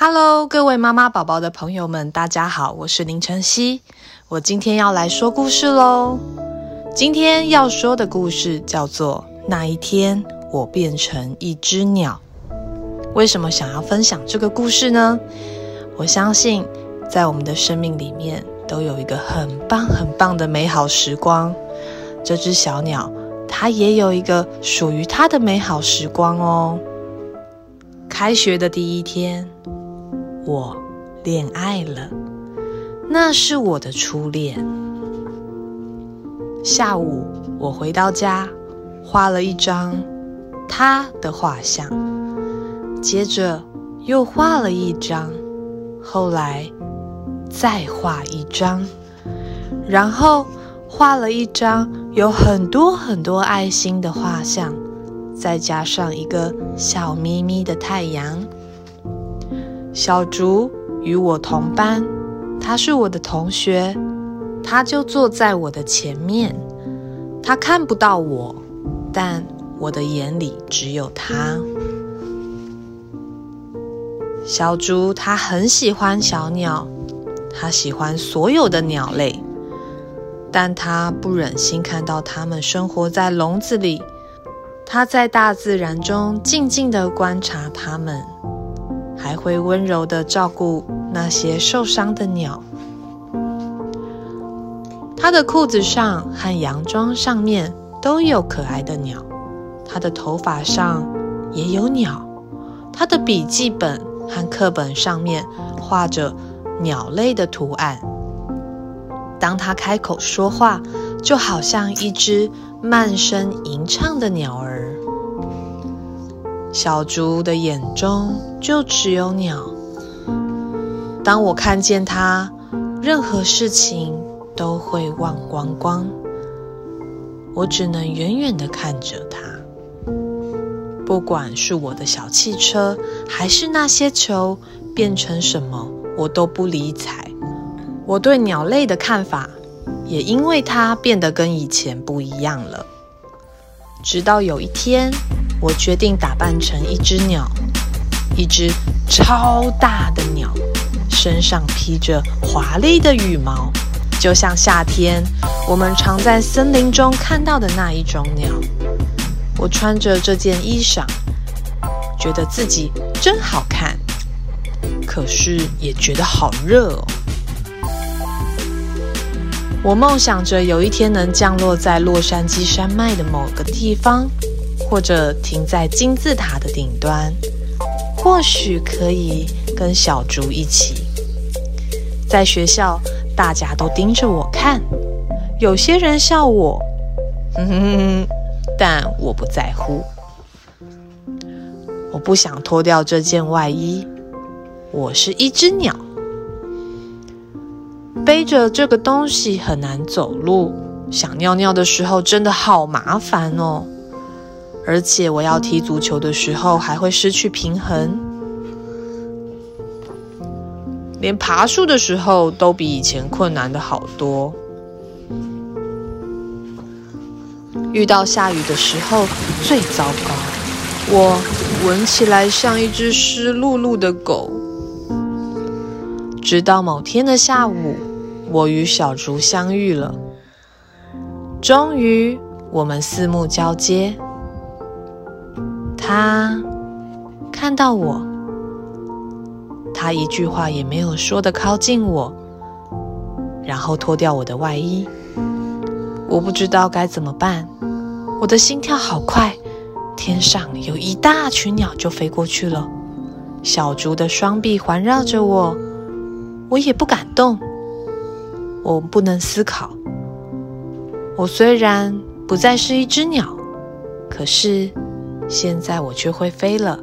哈嘍，各位媽媽、寶寶的朋友們，大家好，我是林辰唏。我今天要來說故事嘍。今天要說的故事叫做《那一天我變成一隻鳥》。為什麼想要分享這個故事呢？我相信，在我們的生命裡面都有一個很棒、很棒的美好時光。這隻小鳥，它也有一個屬於它的美好時光哦。開學的第一天。我戀愛了，那是我的初戀。下午我回到家，畫了一張他的畫像，接着又畫了一張，後來再畫一張，然後畫了一張有很多很多愛心的畫像，再加上一個笑眯眯的太陽。小燭與我同班，她是我的同學，她就坐在我的前面，她看不到我，但我的眼裡只有她。小燭她很喜歡小鳥，她喜歡所有的鳥類，但她不忍心看到它們生活在籠子裡，她在大自然中靜靜地觀察它們。還會溫柔地照顧那些受傷的鳥。他的褲子上和洋裝上面都有可愛的鳥，他的頭髮上也有鳥，他的筆記本和課本上面畫着鳥類的圖案。當他開口說話，就好像一隻慢聲吟唱的鳥兒。小燭的眼中就只有鳥。當我看見它，任何事情都會忘光光。我只能遠遠的看着它。不管是我的小汽車，還是那些球變成什麼，我都不理睬。我對鳥類的看法也因為它變得跟以前不一樣了。直到有一天。我決定打扮成一隻鳥，一隻超大的鳥，身上披着華麗的羽毛，就像夏天我們常在森林中看到的那一種鳥。我穿着這件衣裳，覺得自己真好看，可是也覺得好熱哦。我夢想着有一天能降落在洛磯山脈的某個地方。或者停在金字塔的頂端，或許可以跟小燭一起。在學校，大家都盯着我看，有些人笑我，呵呵呵，但我不在乎。我不想脫掉這件外衣，我是一只鳥，背着這個東西很難走路，想尿尿的時候真的好麻煩哦。而且我要踢足球的時候還會失去平衡，連爬樹的時候都比以前困難的好多。遇到下雨的時候最糟糕，我聞起來像一隻濕漉漉的狗。直到某天的下午，我與小燭相遇了，終於我們四目交接。他看到我，他一句話也沒有說的靠近我，然後脫掉我的外衣。我不知道該怎麼辦，我的心跳好快。天上有一大群鳥就飛過去了。小燭的雙臂環繞着我，我也不敢動。我不能思考。我雖然不再是一隻鳥，可是。現在我卻會飛了。